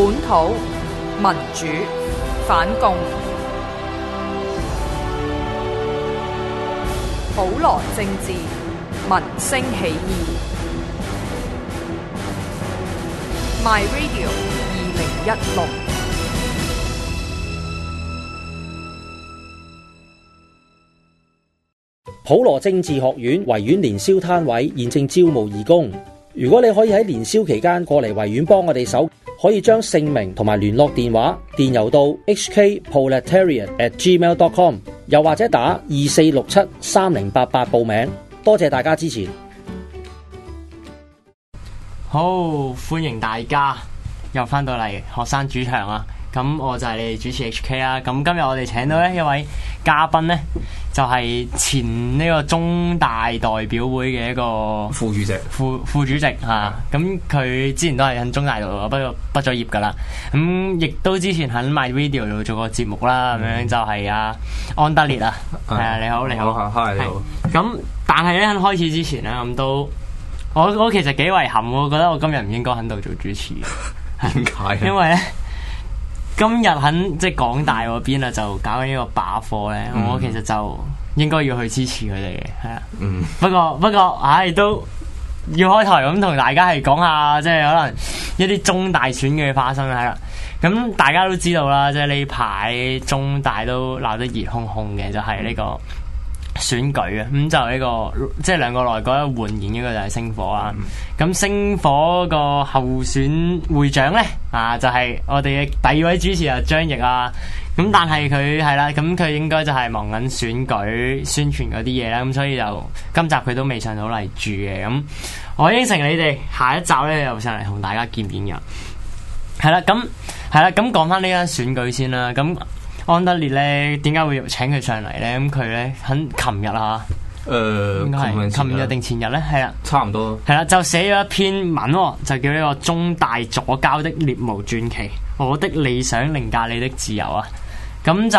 本土民主反共，普羅政治民聲起義。My Radio 二零一六普羅政治學院維園年宵攤位現正招募義工，如果你可以喺年宵期間過嚟維園幫我哋手。可以將姓名同埋聯絡電話電郵到 hkproletariat@gmail.com，又或者打二四六七三零八八報名。多謝大家支持，好歡迎大家又翻到嚟學生主場啦。咁我就係你哋主持 HK 啊。咁今日我哋請到呢一位。嘉賓咧就係前呢個中大代表會嘅一個副主席副副主席嚇，咁佢、啊嗯、之前都係喺中大度畢畢咗業噶啦，咁、嗯、亦都之前喺 my video 度做過節目啦，咁樣、嗯、就係阿、啊、安德烈啊，係啊、嗯，你好，你好、嗯，hi、啊、你好，咁但係咧喺開始之前咧，咁都我我其實幾遺憾喎，我覺得我今日唔應該喺度做主持，點解、啊、因為咧？今日喺即係港大嗰邊啊，邊就搞緊呢個罷課咧，嗯、我其實就應該要去支持佢哋嘅，係啊、嗯。不過不過，係、哎、都要開台咁同大家係講下，即係可能一啲中大選嘅發生係啦。咁、嗯、大家都知道啦，即係呢排中大都鬧得熱烘烘嘅，就係、是、呢、這個。選舉啊，咁就呢個即係兩個內閣一換言，呢一個就係星火啊，咁星火個候選會長呢，啊就係、是、我哋嘅第二位主持人張譯啊，咁但係佢係啦，咁佢應該就係忙緊選舉宣傳嗰啲嘢啦，咁所以就今集佢都未上到嚟住嘅，咁我應承你哋下一集咧又上嚟同大家見面嘅。係啦，咁係啦，咁講翻呢個選舉先啦，咁。安德烈咧，點解會請佢上嚟咧？咁佢咧，喺琴日啊嚇。誒、呃，琴日定前日咧？係啊，差唔多。係啦，就寫咗一篇文，就叫、這個《呢個中大左膠的獵巫傳奇》，我的理想凌駕你的自由啊！咁就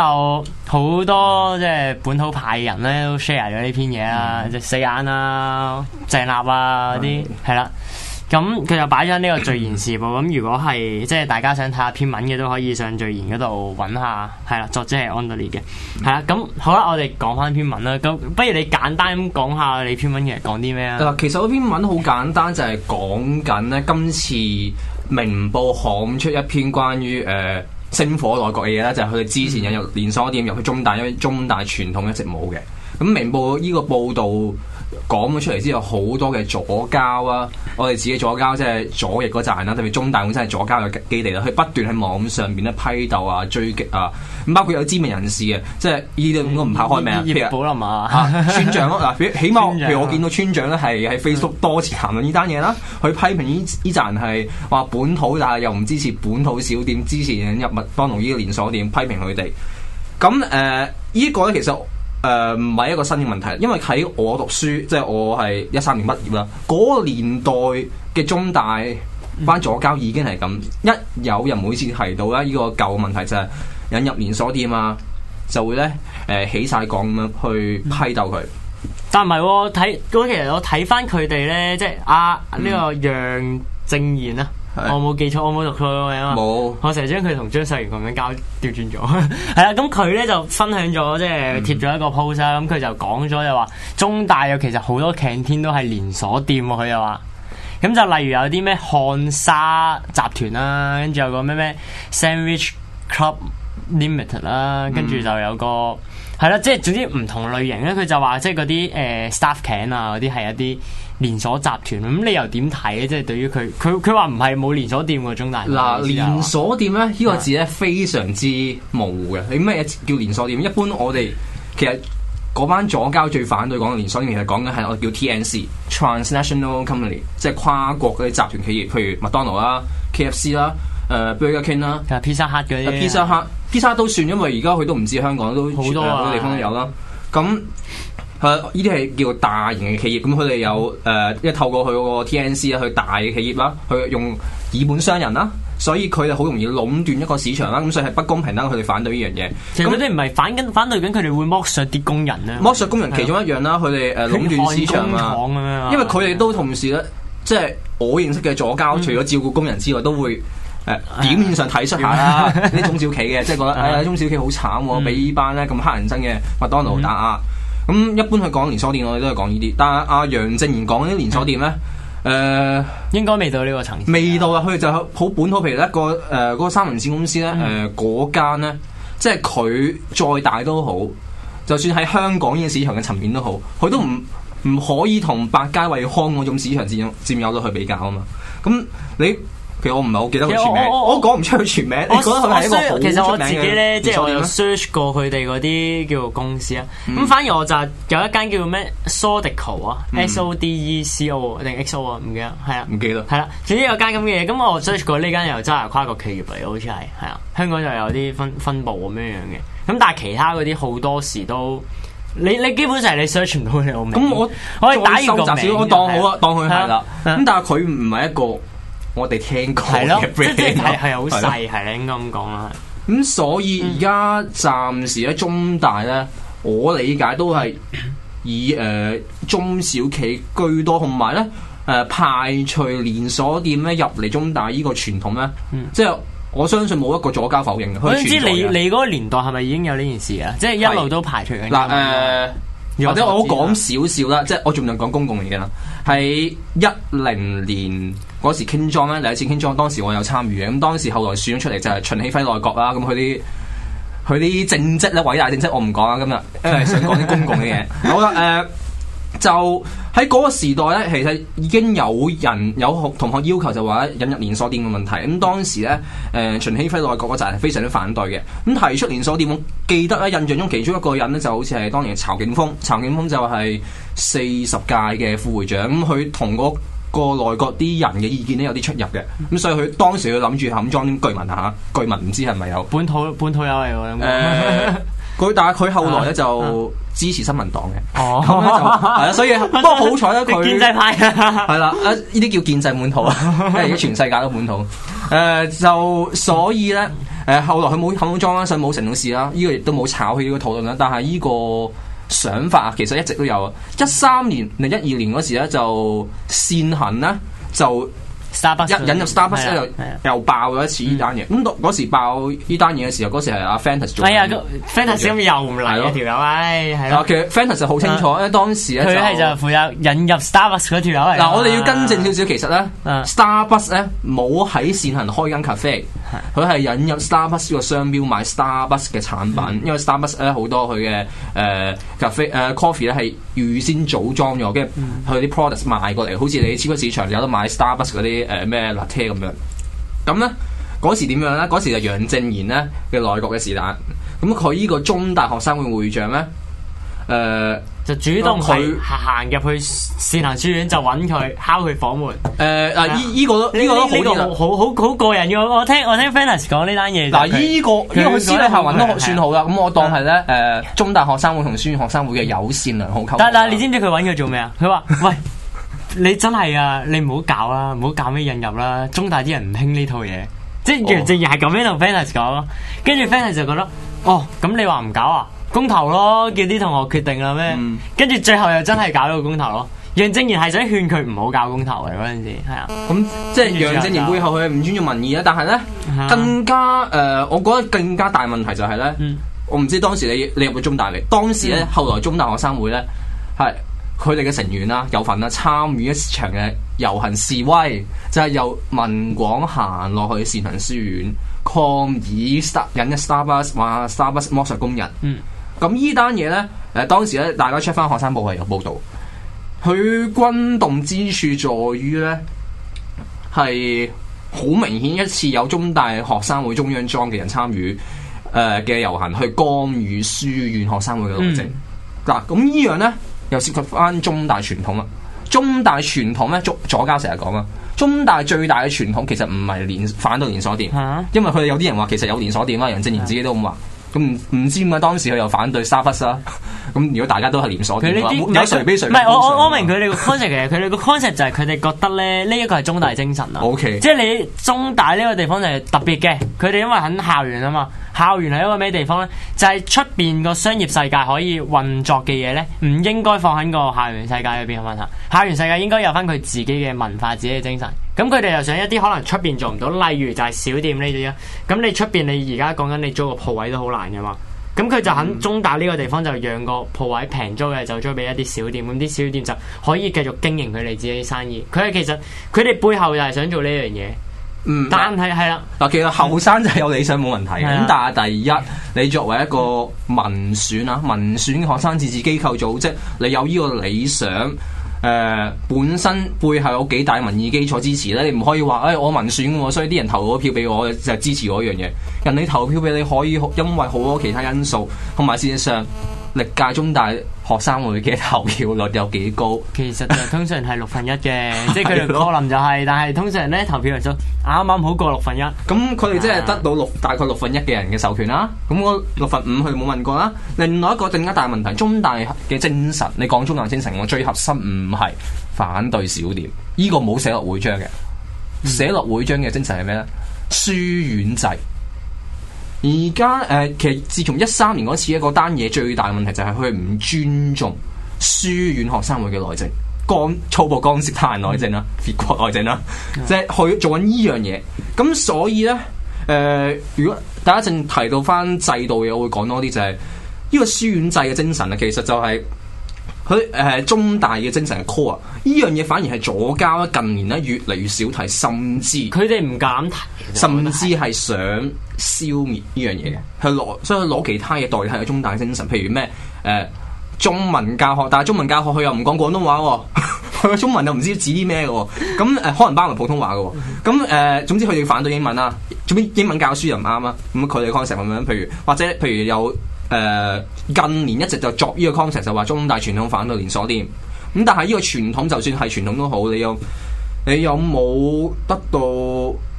好多即係本土派人咧都 share 咗呢篇嘢啊，四、嗯、眼啊、鄭立啊啲係啦。嗯。咁佢就擺咗呢個聚言時報。咁 如果係即係大家想睇下篇文嘅，都可以上聚言嗰度揾下，係啦，作者係安德烈嘅。係啦，咁 好啦，我哋講翻篇文啦。咁不如你簡單咁講下你篇文嘅講啲咩啊？嗱，其實嗰篇文好簡單，就係、係、講緊呢。今次明報刊出一篇關於誒、呃、星火內閣嘅嘢咧，就係佢哋之前引入連鎖店入去中大，因為中大傳統一直冇嘅。咁明報呢個報道。講咗出嚟之後，好多嘅左膠啊，我哋自己左膠即係左翼嗰陣啦，特別中大本身係左膠嘅基地啦，佢不斷喺網上邊咧批鬥啊、追擊啊，包括有知名人士啊，即係呢度我唔怕開名、啊，葉寶林啊，啊，村長嗱，起碼譬如我見到村長咧係喺 Facebook 多次談論呢單嘢啦，佢批評呢呢陣係話本土但係又唔支持本土小店，支持入麥當勞呢個連鎖店，批評佢哋。咁誒，呢、呃這個咧其實。誒，唔係、呃、一個新嘅問題，因為喺我讀書，即、就、係、是、我係一三年畢業啦，嗰、那個年代嘅中大班左膠已經係咁，一有人每次提到咧呢個舊嘅問題就係引入連鎖店啊，就會咧誒、呃、起晒講咁樣去批鬥佢。但係唔係，睇，咁其實我睇翻佢哋咧，即係阿呢個楊正賢啊。這個 我冇記錯，Yeah. 我冇讀錯咁樣嘛？冇，我成日將佢同張秀賢咁樣交掉轉咗。 係啊，咁佢咧就分享咗，即係貼咗一個 post 啊。咁佢就講咗就話，中大有其實好多 canteen 都係連鎖店喎。佢又話，咁就例如有啲咩漢沙集團啦，跟住有個咩咩 Sandwich Club Limited 啦，跟住就有個係啦，即係總之唔同類型咧。佢就話即係嗰啲誒 staff canteen 啊，嗰啲係一啲。連鎖集團咁你又點睇咧？即、就、係、是、對於佢，佢佢話唔係冇連鎖店嗰種大。嗱，連鎖店咧，呢的個字咧非常之模糊嘅。你咩叫連鎖店？一般我哋其實嗰班左膠最反對講連鎖店，其實講緊係我叫 TNC（Transnational Company），即係跨國嗰啲集團企業，譬如麥當勞啦、KFC 啦、呃、誒 Burger King 啦、啊、Pizza Hut 嗰啲、啊。Pizza Hut、披薩都算，因為而家佢都唔知香港，都好多好、啊啊、多地方都有啦。咁的的呢啲係叫做大型嘅企業，咁佢哋有誒，一、呃、透過佢嗰個 TNC 啦，佢大嘅企業啦，佢用以本傷人啦，所以佢哋好容易壟斷一個市場啦，咁所以係不公平啦，佢哋反對呢樣嘢。咁嗰啲唔係反緊，反對緊佢哋會剝削啲工人咧。那剝削工人其中一樣啦，佢哋誒壟斷市場啊。因為佢哋都同時咧，即、就、係、是、我認識嘅左膠，嗯、除咗照顧工人之外，都會誒表面上體恤下呢中小企嘅，即係覺得、嗯、中小企好慘，俾呢班咧咁黑人憎嘅麥當勞打壓、嗯。打咁一般去講連鎖店，我哋都係講呢啲。但係阿楊正然講啲連鎖店呢，誒、嗯呃、應該未到呢個層面，未到啊！佢就好本土，譬如咧、呃那個誒嗰三文鮮公司呢，誒、呃、嗰、嗯、間咧，即係佢再大都好，就算喺香港呢個市場嘅層面都好，佢都唔唔可以同百佳惠康嗰種市場佔佔有到去比較啊嘛。咁、嗯、你。我唔係好記得佢全名，我我我講唔出佢全名。我覺得係咪一個好出名嘅？其實我自己咧，即係我有 search 過佢哋嗰啲叫做公司啊。咁反而我就有一間叫咩 Sodico 啊，S O D E C O 定 XO 啊，唔記得係啊。唔記得係啦。總之有間咁嘅嘢，咁我 search 過呢間又真係跨國企業嚟，好似係係啊。香港就有啲分分部咁樣樣嘅。咁但係其他嗰啲好多時都你你基本上你 search 唔到佢個名。咁我我係打字個名，我當好啊，當佢係啦。咁但係佢唔係一個。我哋聽過嘅 b 係好細係咧，應該咁講啦。咁、嗯、所以而家暫時咧，中大咧，嗯、我理解都係以誒、呃、中小企居多，同埋咧誒，排除連鎖店咧、啊、入嚟中大個傳呢個傳統咧。嗯、即係我相信冇一個左家否認嘅。好，總之你你嗰個年代係咪已經有呢件事啊？即、就、係、是、一路都排除嘅，嗱誒。或者我講少少啦，即係我盡量講公共嘅嘢啦。喺一零年嗰時傾莊咧，第一次傾莊，當時我有參與嘅。咁當時後來選出嚟就係秦晞輝內閣啦。咁佢啲佢啲政績咧，偉大政績我唔講啦。今日因為想講啲公共嘅嘢， 好啦，誒、uh。就喺嗰個時代咧，其實已經有人有同學要求就話引入連鎖店嘅問題。咁當時咧，誒、呃、秦希輝內閣嗰陣係非常之反對嘅。咁提出連鎖店，我記得咧，印象中其中一個人咧，就好似係當年嘅曹景峰，曹景峰就係四十屆嘅副會長。咁佢同嗰個內閣啲人嘅意見咧，有啲出入嘅。咁所以佢當時佢諗住冚莊啲句文嚇，句文唔知係咪有本土本土有嚟喎？誒、呃，佢但係佢後來咧就。啊啊支持新聞黨嘅，咁咧、哦、就係啊， 所以不過好彩啦，佢 建制派係、啊、啦，啊呢啲叫建制滿肚啊，即 係全世界都滿肚。誒、 呃、就所以咧，誒、呃、後來佢冇，佢冇裝所以冇成件事啦，呢、呢個亦都冇炒起呢個討論啦。但係呢個想法其實一直都有，一三年零一二年嗰時咧就線行咧就。一引入 Starbucks 咧又爆咗一次呢單嘢，咁嗰時爆呢單嘢嘅時候，嗰時係阿 Fantas 做。係啊，Fantas 今日又唔嚟咯條友，唉，係咯。其實 Fantas 就好清楚，因為當時咧佢係就係負責引入 Starbucks 嗰條友嚟。嗱，我哋要更正少少，其實咧，Starbucks 咧冇喺線行開間 cafe，佢係引入 Starbucks 呢個商標賣 Starbucks 嘅產品，因為 Starbucks 咧好多佢嘅誒 cafe 誒 coffee 咧係預先組裝咗，跟住佢啲 products 賣過嚟，好似你超級市場有得買 Starbucks 嗰啲。誒咩落車咁樣，咁咧嗰時點樣咧？嗰時就楊正然咧嘅內閣嘅事但，咁佢依個中大學生會會長咧，誒就主動去行入去善行書院就揾佢敲佢房門。誒啊！依依個依個都好好好好個人嘅，我聽我聽 Fernus 講呢單嘢。嗱依個依個師大校運都算好啦。咁我當係咧誒中大學生會同書院學生會嘅友善良好溝通。但係你知唔知佢揾佢做咩啊？佢話喂。你真係啊！你唔好搞啦，唔好搞咩引入啦。中大啲人唔興呢套嘢，即係楊政賢係咁樣同 fans 講咯，跟住 fans 就覺得哦，咁你話唔搞啊？公投咯，叫啲同學決定啦咩？跟住、嗯、最後又真係搞咗個公投咯。楊政賢係想勸佢唔好搞公投嘅嗰陣時，係啊，咁、嗯、即係楊政賢背後佢唔尊重民意啊。但係咧，更加誒、呃，我覺得更加大問題就係、是、咧，嗯、我唔知當時你你入咗中大未？當時咧，後來中大學生會咧係。佢哋嘅成員啦、有份啦，參與一場嘅遊行示威，就係、是、由文廣行落去善衡書院抗議 s t 引一 Starbucks 話 Starbucks 剝削工人。嗯，咁呢單嘢咧，誒當時咧，大家 check 翻學生報係有報道。佢轟動之處在於咧，係好明顯一次有中大學生會中央莊嘅人參與，誒嘅遊行去干預書院學生會嘅內政。嗱、嗯，咁呢樣咧。又涉及翻中大傳統啊？中大傳統咧，左左家成日講啊，中大最大嘅傳統其實唔係連反對連鎖店，啊、因為佢哋有啲人話其實有連鎖店啦，楊正言自己都咁話，咁唔唔知點解當時佢又反對沙忽啦，咁如果大家都係連鎖店，有誰比誰比？唔係，我我我明佢哋個 concept，其實佢哋個 concept 就係佢哋覺得咧，呢一個係中大精神啊，即係 Okay. 你中大呢個地方就係特別嘅，佢哋因為很校園啊嘛。校園係一個咩地方呢？就係出邊個商業世界可以運作嘅嘢呢，唔應該放喺個校園世界入邊去問。校園世界應該有返佢自己嘅文化、自己嘅精神。咁佢哋又想一啲可能出邊做唔到，例如就係小店呢啲啦。咁你出邊你而家講緊你租個鋪位都好難噶嘛。咁佢就肯中大呢個地方就讓個鋪位平租嘅，就租俾一啲小店。咁啲小店就可以繼續經營佢哋自己生意。佢係其實佢哋背後又係想做呢樣嘢。嗯，但係係啦，嗱，其實後生就係有理想冇問題咁 的但係第一，你作為一個民選啊， 民選學生自治機構組織，你有呢個理想，誒、呃，本身背後有幾大民意基礎支持咧，你唔可以話，誒、哎，我民選，所以啲人投咗票俾我就係支持我一樣嘢。人你投票俾你可以因為好多其他因素，同埋事實上歷屆中大。學生會嘅投票率有幾高？其實就通常係六分一嘅， 即係佢哋可能就係、是， 但係通常咧投票率都啱啱好過六分一。咁佢哋即係得到六、啊、大概六分一嘅人嘅授權啦。咁我六分五佢冇問過啦。另外一個更加大問題，中大嘅精神，你講中大精神，我最核心唔係反對小點，呢、這個冇寫落會章嘅，寫落、嗯、會章嘅精神係咩咧？書院制。而家誒，其實自從一三年嗰次一個單嘢，最大嘅問題就係佢唔尊重、書院學生會嘅內政，幹粗暴干涉他人內政啦，別國內政啦，嗯、即係佢做緊呢樣嘢。咁所以呢，誒、呃，如果大家一陣提到翻制度嘅，我會講多啲就係呢個書院制嘅精神啊，其實就係、是。佢誒中大嘅精神係 core，依樣嘢反而係左膠啦。近年咧，越嚟越少提，甚至佢哋唔敢提，甚至係想消滅呢樣嘢嘅。係攞即係攞其他嘢代替中大精神，譬如咩誒、呃、中文教學，但係中文教學佢又唔講廣東話喎，佢 嘅中文又唔知指啲咩喎。咁誒可能包括普通話嘅喎，咁誒、 呃、總之佢哋反對英文啦，做咩英文教書又唔啱啊？咁佢哋 concept 咁樣，譬如或者譬如有。誒、uh，近年一直就作呢個 concept，就話中大傳統反對連鎖店。咁但係呢個傳統就算係傳統都好，你有你有冇得到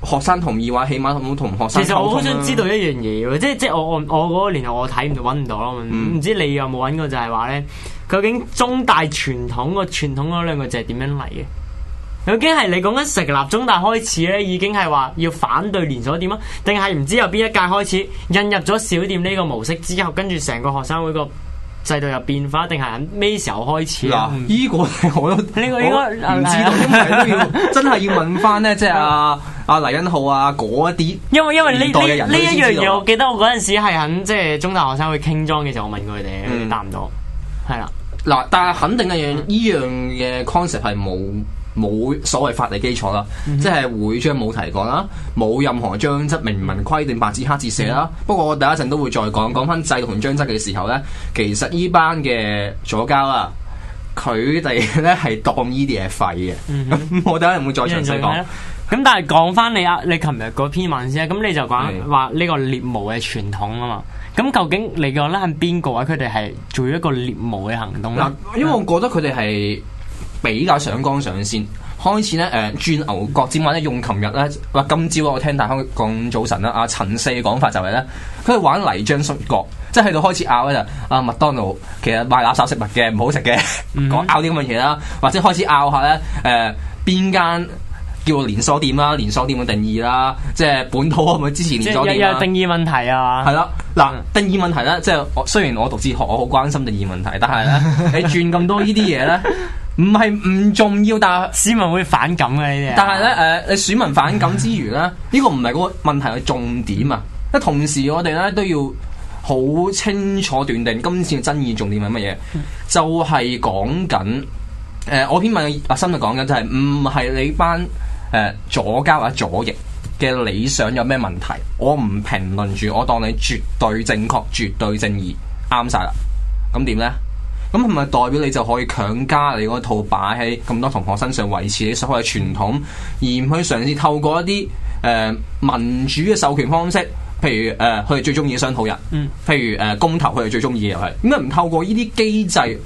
學生同意話？起碼同學生？其實我好想知道一樣嘢，即係即係我我我嗰個年代我睇唔到揾唔到咯，唔知你有冇揾過？就係話咧，究竟中大傳統個傳統嗰兩個字係點樣嚟嘅？究竟係你講緊成立中大開始咧，已經係話要反對連鎖店啊？定係唔知由邊一屆開始引入咗小店呢個模式之後，跟住成個學生會個制度又變化？定係喺咩時候開始啊？呢、這個係我都呢個應該唔知道， 因為真係要問翻咧， 即係阿阿黎恩浩啊嗰一啲，因為因為呢呢一樣嘢，我記得我嗰陣時係喺即係中大學生會傾莊嘅時候，我問過佢哋、嗯、答唔到，係啦嗱，但係肯定係、嗯、這樣呢樣嘅 concept 係冇。冇所謂法理基礎啦，嗯、哼即係會章冇提過啦，冇任何章則明文規定白紙黑字寫啦。嗯、哼不過我第一陣都會再講講翻制度同章則嘅時候咧，其實呢班嘅左膠啊，佢哋咧係當呢啲嘢廢嘅。嗯、哼 我第一陣會再詳細講。咁但係講翻你啊，你琴日嗰篇文先，咁你就講話呢個獵巫嘅傳統啊嘛。咁究竟你覺得咧係邊個啊？佢哋係做一個獵巫嘅行動咧？因為我覺得佢哋係。比較上綱上線，開始咧誒，鑽、呃、牛角尖或者用琴日咧，或今朝我聽大香港早晨啦，阿、啊、陳四嘅講法就係咧，佢玩泥漿摔角，即係喺度開始拗咧，就、啊、阿麥當勞其實賣垃圾食物嘅，唔好食嘅，講拗啲咁嘅嘢啦，或者開始拗下咧，誒、呃，邊間叫做連鎖店啦，連鎖店嘅定義啦，即係本土可唔可以支持連鎖店定義問題啊，係啦，嗱，定義問題啦，即係我雖然我讀哲學，我好關心定義問題，但係咧，你鑽咁多呢啲嘢咧？ 唔係唔重要，但市民會反感嘅、啊、但係咧，誒、呃，你選民反感之餘呢，呢 個唔係個問題嘅重點啊！同時我呢，我哋咧都要好清楚斷定今次嘅爭議重點係乜嘢？ 就係講緊，誒、呃，我篇文嘅核心就講緊就係唔係你班誒、呃、左膠或者左翼嘅理想有咩問題？我唔評論住，我當你絕對正確、絕對正義啱晒啦。咁點呢？咁係咪代表你就可以強加你嗰套擺喺咁多同學身上，維持你所謂嘅傳統，而唔去嘗試透過一啲誒、呃、民主嘅授權方式，譬如誒佢哋最中意嘅商討日，嗯、譬如誒、呃、公投佢哋最中意嘅又係，點解唔透過呢啲機制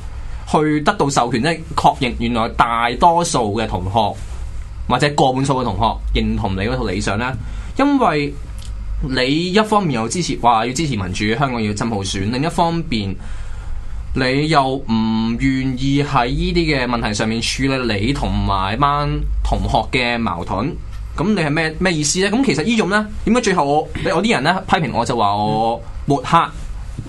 去得到授權呢？確認原來大多數嘅同學或者過半數嘅同學認同你嗰套理想呢？因為你一方面又支持話要支持民主，香港要真普選，另一方面。你又唔願意喺呢啲嘅問題上面處理你同埋班同學嘅矛盾，咁你係咩咩意思呢？咁其實呢種呢，點解最後我我啲人呢批評我就話我抹黑誒呢、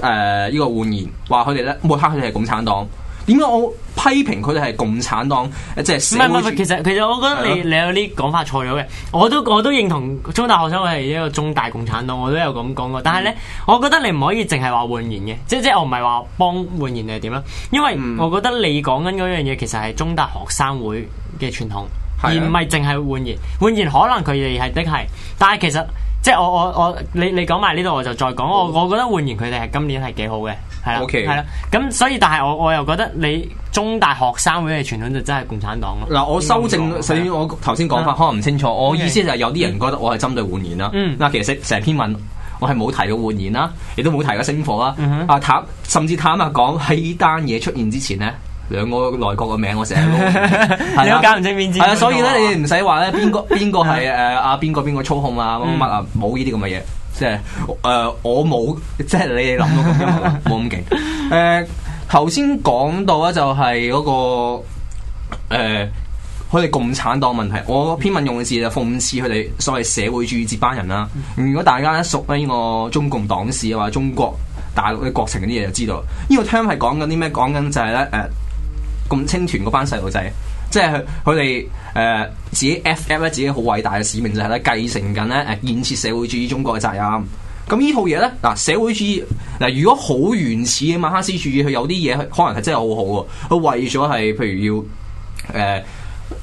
呃呢個換言，話佢哋呢抹黑佢哋係共產黨，點解我？批評佢哋係共產黨，即係唔係唔係？其實其實，我覺得你你有啲講法錯咗嘅，我都我都認同中大學生會係一個中大共產黨，我都有咁講過。但係咧，嗯、我覺得你唔可以淨係話換言嘅，即即我唔係話幫換言定係點啦？因為我覺得你講緊嗰樣嘢其實係中大學生會嘅傳統，嗯、而唔係淨係換言。換言可能佢哋係的係，但係其實即係我我我你你講埋呢度，我就再講我我覺得換言佢哋係今年係幾好嘅。係啊，係啦，咁 Okay. 所以但係我我又覺得你中大學生會嘅傳統就真係共產黨咯。嗱，我修正，所以個啦我頭先講法可能唔清楚。我意思就係有啲人覺得我係針對換言啦。嗱、嗯，其實成篇文我係冇提到換言啦，亦都冇提到星火啦。嗯、哼啊甚至坦白講喺呢單嘢出現之前咧，兩個內閣嘅名我成日都， 啦 你又搞唔清邊支？係啊，所以咧你哋唔使話咧，邊 個邊個係誒啊？邊個邊個操控乜乜啊？乜啊？冇呢啲咁嘅嘢。即係誒、呃，我冇即係你哋諗、 呃、到咁樣冇咁勁。誒、呃，頭先講到咧就係嗰個誒，佢哋共產黨問題，我篇文用嘅字就諷刺佢哋所謂社會主義接班人啦。如果大家咧熟呢個中共黨史啊，或者中國大陸嘅國情嗰啲嘢，就知道。這個、呢個 term 係講緊啲咩？講緊就係咧誒，共青團嗰班細路仔。即係佢哋誒自己 F.M. 咧，自己好偉大嘅使命就係咧繼承緊咧誒建設社會主義中國嘅責任。咁呢套嘢咧嗱，社會主義嗱如果好原始嘅馬克思主義，佢有啲嘢可能係真係好好嘅。佢為咗係譬如要誒、呃、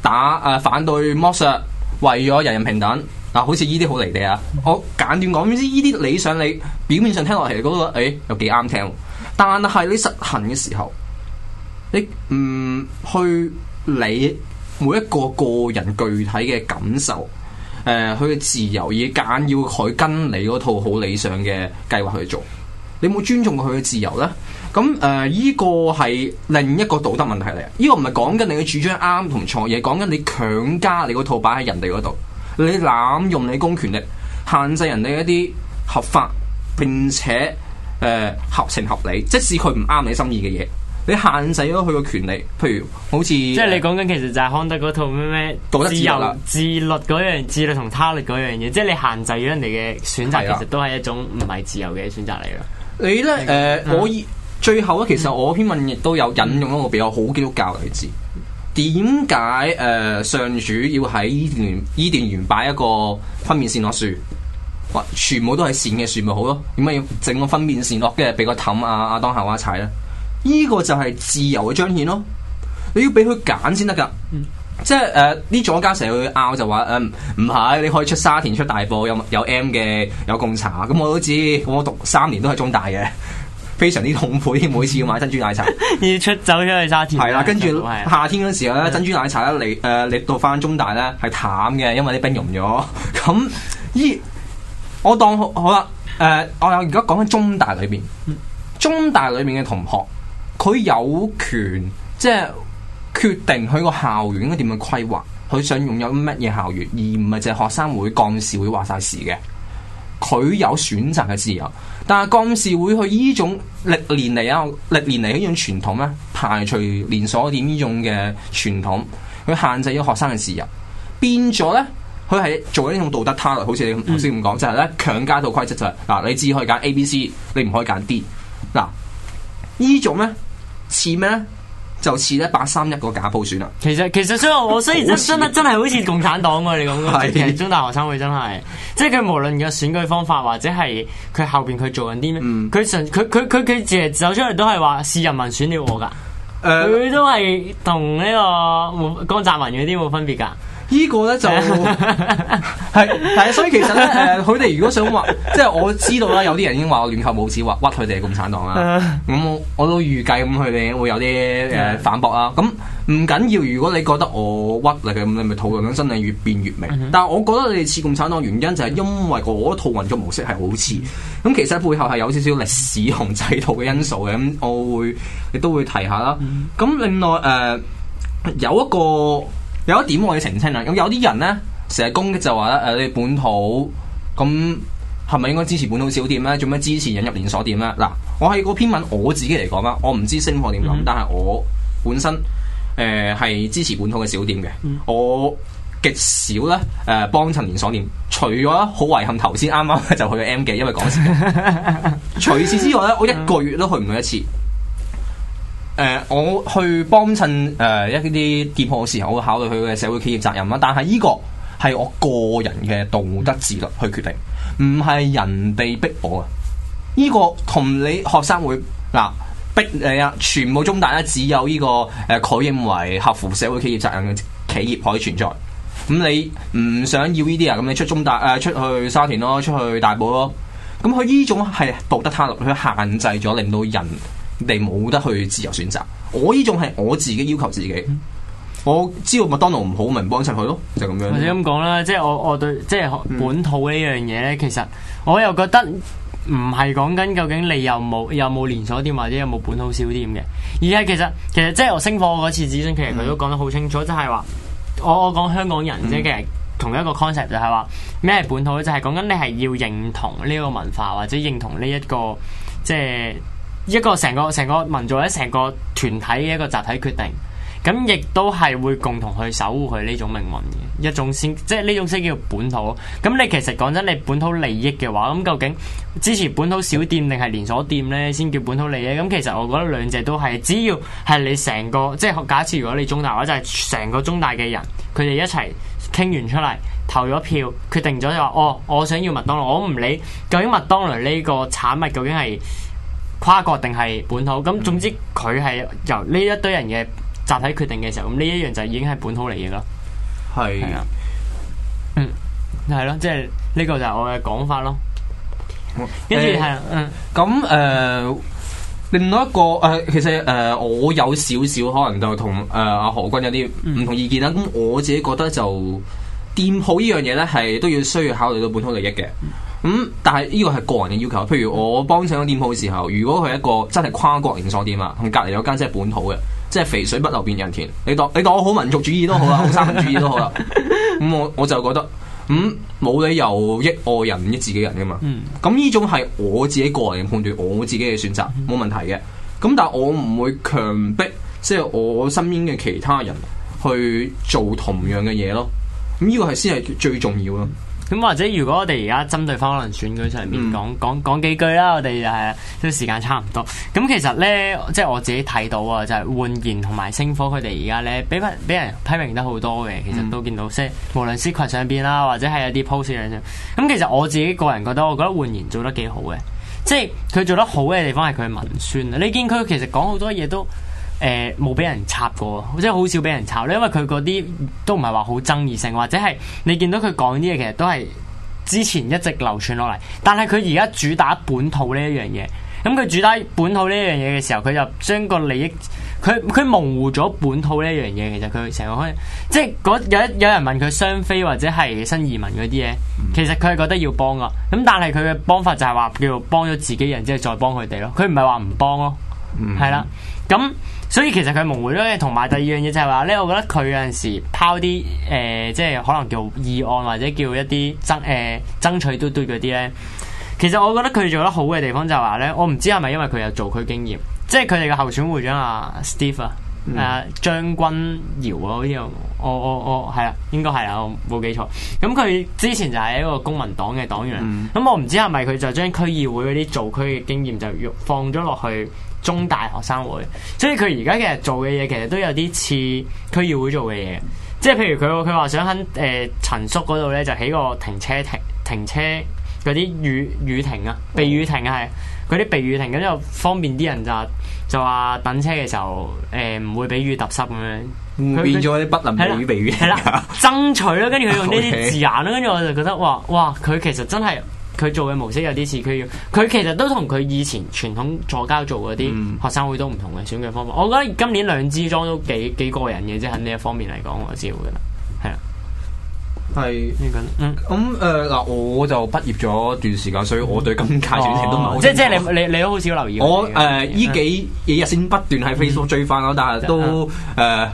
打誒、呃、反對剝削，為咗人人平等。嗱，好似呢啲好離地啊！我簡短講，呢呢啲理想你表面上聽落嚟覺得誒有幾啱聽，但係你實行嘅時候，你、欸、唔、嗯、去。你每一個個人具體嘅感受，誒、呃，佢嘅自由而揀要佢跟你嗰套好理想嘅計劃去做，你冇尊重過佢嘅自由呢？咁、嗯、誒，依、呃呢個係另一個道德問題嚟，呢、呢個唔係講緊你嘅主張啱同錯，嘢，而係講緊你強加你個套擺喺人哋嗰度，你濫用你公權力限制人哋一啲合法並且、呃、合情合理，即使佢唔啱你心意嘅嘢。你限制咗佢個權利，譬如好似即係你講緊，其實就係康德嗰套咩咩道德自由自律嗰樣，自律同他律嗰樣嘢，即係你限制咗人哋嘅選擇，對啊、其實都係一種唔係自由嘅選擇嚟咯。你咧呢誒、嗯呃，我最後啊，其實我篇文亦都有引用一個比較好基督教嘅例子。點解誒上主要喺伊甸園，伊甸園擺一個分辨線落樹，或全部都係線嘅樹咪好咯？點解要整個分辨線落，跟住俾個氹啊阿當夏娃踩咧？呢個就係自由嘅彰顯咯，你要俾佢揀先得噶，即係誒呢左家成日會拗就話誒唔係，你可以出沙田出大埔，有有 M 嘅有貢茶咁我都知，我讀三年都係中大嘅，非常之痛苦，每次要買珍珠奶茶要出走出去沙田係啦，跟住夏天嗰時候咧珍珠奶茶咧嚟誒嚟到翻中大咧係淡嘅，因為啲冰融咗咁咦，我當好好啦，誒我而家講緊中大裏面，中大裏面嘅同學。佢有權即係決定佢個校園應該點樣規劃，佢想擁有乜嘢校園，而唔係就係學生會、幹事會話晒事嘅。佢有選擇嘅自由，但係幹事會去呢種歷年嚟啊，歷年嚟呢種傳統咧，排除連鎖店呢種嘅傳統，去限制咗學生嘅自由，變咗咧，佢係做咗呢種道德他律，好似你頭先咁講，嗯、就係咧強加套規則就係嗱，你只可以揀 A、B、C，你唔可以揀 D。嗱，呢種咧。似咩咧？就似八三一嗰假普選啊！其實其實雖然我雖然真 真係好似共產黨嘅、啊、你咁，係 其實中大學生會真係，即係佢無論嘅選舉方法或者係佢後邊佢做緊啲咩，佢純佢佢佢佢自係走出嚟都係話是人民選了我噶，誒、呃，佢都係同呢個江澤民嗰啲冇分別噶。呢個咧就係， 但所以其實咧，誒佢哋如果想話， 即係我知道啦，有啲人已經話我亂扣帽子，話屈佢哋係共產黨啦。咁 我，我都預計咁，佢哋會有啲誒、呃、反駁啊。咁唔緊要，如果你覺得我屈你，咁你咪討論緊，真係越變越明。 但係我覺得你哋似共產黨，原因就係因為嗰套運作模式係好似。咁其實背後係有少少歷史同制度嘅因素嘅，咁我會亦都會提下啦。咁另外誒、呃、有一個。呃有一點我要澄清啊！咁有啲人呢，成日攻擊就話咧誒，「你本土咁係咪應該支持本土小店呢？做咩支持引入連鎖店呢？」嗱，我喺個篇文我自己嚟講啦，我唔知星火點諗，嗯、但係我本身誒係、呃、支持本土嘅小店嘅，嗯、我極少呢，誒幫襯連鎖店，除咗好遺憾頭先啱啱就去 M 記，因為講笑。除此之外咧，我一個月都去唔去一次。誒、呃，我去幫襯誒一啲店鋪嘅時候，我會考慮佢嘅社會企業責任啊。但係呢個係我個人嘅道德自律去決定，唔係人哋逼我嘅。呢、這個同你學生會嗱、啊、逼你啊，全部中大咧，只有呢、這個誒，佢、啊、認為合乎社會企業責任嘅企業可以存在。咁你唔想要呢啲啊？咁你出中大誒、呃，出去沙田咯，出去大埔咯。咁佢呢種係道德他律，佢限制咗，令到人。你哋冇得去自由選擇，我呢種係我自己要求自己。我知道麥當勞唔好，咪唔幫襯佢咯，就咁樣。或者咁講啦，即係我我對即係本土呢樣嘢咧，嗯、其實我又覺得唔係講緊究竟你有冇有冇連鎖店或者有冇本土小店嘅。而家其實其實即係我星火嗰次諮詢，其實佢都講得好清楚，就係話我我講香港人即、嗯、其實，同一個 concept 就係話咩係本土，就係講緊你係要認同呢個文化或者認同呢一個即係。一個成個成個民族咧，成個團體嘅一個集體決定，咁亦都係會共同去守護佢呢種命運嘅一種先，即係呢種先叫本土。咁你其實講真，你本土利益嘅話，咁究竟支持本土小店定係連鎖店呢，先叫本土利益？咁其實我覺得兩隻都係，只要係你成個即係假設，如果你中大，我就係成個中大嘅人，佢哋一齊傾完出嚟，投咗票，決定咗就話哦，我想要麥當勞，我唔理究竟麥當勞呢個產物究竟係，跨國定係本土？咁總之佢係由呢一堆人嘅集體決定嘅時候，咁呢一樣就已經係本土嚟嘅咯。係、啊，嗯，係咯，即係呢個就係我嘅講法咯。跟住係，嗯，咁誒、呃，另外一個誒、呃，其實誒、呃，我有少少可能就同誒、呃、何君有啲唔同意見啦。咁、嗯、我自己覺得就店鋪呢樣嘢咧，係都要需要考慮到本土利益嘅。咁但係呢個係個人嘅要求，譬如我幫襯個店鋪嘅時候，如果佢係一個真係跨國連鎖店啊，同隔籬有間即係本土嘅，即係肥水不流別人田，你當你當我好民族主義都好啦，好三民主義都好啦，咁、嗯、我我就覺得咁冇、嗯、理由益外人唔益自己人噶嘛，咁呢種係我自己個人嘅判斷，我自己嘅選擇冇問題嘅，咁、嗯嗯、但我唔會強迫，即係我身邊嘅其他人去做同樣嘅嘢咯，咁呢個係先係最重要咯。咁或者如果我哋而家針對翻可能選舉上面講講講幾句啦，我哋就係即係時間差唔多。咁其實咧，即係我自己睇到啊，就係、是、換言同埋星火佢哋而家咧，俾俾人批評得好多嘅。其實都見到即係無論 secret 羣上邊啦，或者係一啲 post 上邊。咁其實我自己個人覺得，我覺得換言做得幾好嘅，即係佢做得好嘅地方係佢文宣啊。你見佢其實講好多嘢都。誒冇俾人插過，即係好少俾人插咧，因為佢嗰啲都唔係話好爭議性，或者係你見到佢講啲嘢，其實都係之前一直流傳落嚟。但係佢而家主打本土呢一樣嘢，咁佢主打本土呢一樣嘢嘅時候，佢就將個利益，佢佢模糊咗本土呢一樣嘢。其實佢成日可以，即係有有人問佢雙非或者係新移民嗰啲嘢，其實佢係覺得要幫噶。咁但係佢嘅幫法就係話叫做幫咗自己人之後再幫佢哋咯。佢唔係話唔幫咯，係、嗯嗯、啦，咁。所以其實佢模回咗嘅，同埋第二樣嘢就係話咧，我覺得佢有陣時拋啲誒、呃，即係可能叫議案或者叫一啲爭誒、呃、爭取嘟嘟嗰啲咧。其實我覺得佢做得好嘅地方就係話咧，我唔知係咪因為佢有做區經驗，即係佢哋嘅候選會長啊，Steve 啊，嗯、啊張君堯啊，好似我我我係啊，應該係啊，我冇記錯。咁佢之前就係一個公民黨嘅黨員，咁、嗯、我唔知係咪佢就將區議會嗰啲做區嘅經驗就放咗落去。中大學生會，所以佢而家其實做嘅嘢其實都有啲似區議會做嘅嘢，即係譬如佢佢話想喺誒、呃、陳叔嗰度咧就起個停車停停車嗰啲雨雨亭啊，避雨亭啊係，嗰啲避雨亭咁又方便啲人就就話等車嘅時候誒唔、呃、會俾雨揼濕咁樣，變咗啲不淋雨避雨避雨嘅，爭取啦，跟住佢用呢啲字眼啦，跟住 Okay. 我就覺得哇哇佢其實真係～佢做嘅模式有啲似佢要，佢其實都同佢以前傳統助教做嗰啲學生會都唔同嘅選舉方法。我覺得今年兩支莊都幾幾過癮嘅，即喺呢一方面嚟講，我知嘅啦。係啊，係是、嗯嗯。嗯咁誒嗱，我就畢業咗段時間，所以我對今屆選都、哦、即即係你你你都好少留意。我誒呢幾幾日先不斷喺 Facebook 追翻咯，嗯、但係都誒。嗯嗯嗯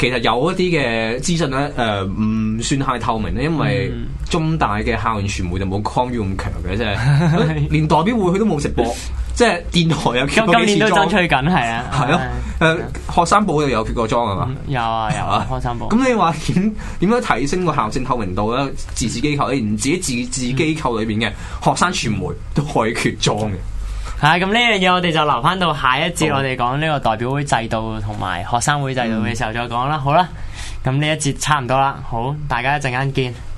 其實有一啲嘅資訊咧，誒、呃、唔算太透明咧，因為中大嘅校園傳媒就冇康裕咁強嘅啫。 連代表會佢都冇直播， 即係電台有缺過幾次裝。咁今年都爭取緊，係啊，係咯、嗯，誒、嗯、學生報又有缺過裝係嘛？有、嗯、啊、嗯、有啊，啊有啊學生報。咁你話點點樣提升個校政透明度咧？自治機構，連自己自治機構裏邊嘅學生傳媒都可以缺裝嘅。係咁呢樣嘢，啊、我哋就留返到下一節，我哋講呢個代表會制度同埋學生會制度嘅時候再講啦。嗯、好啦，咁呢一節差唔多啦。好，大家一陣間見。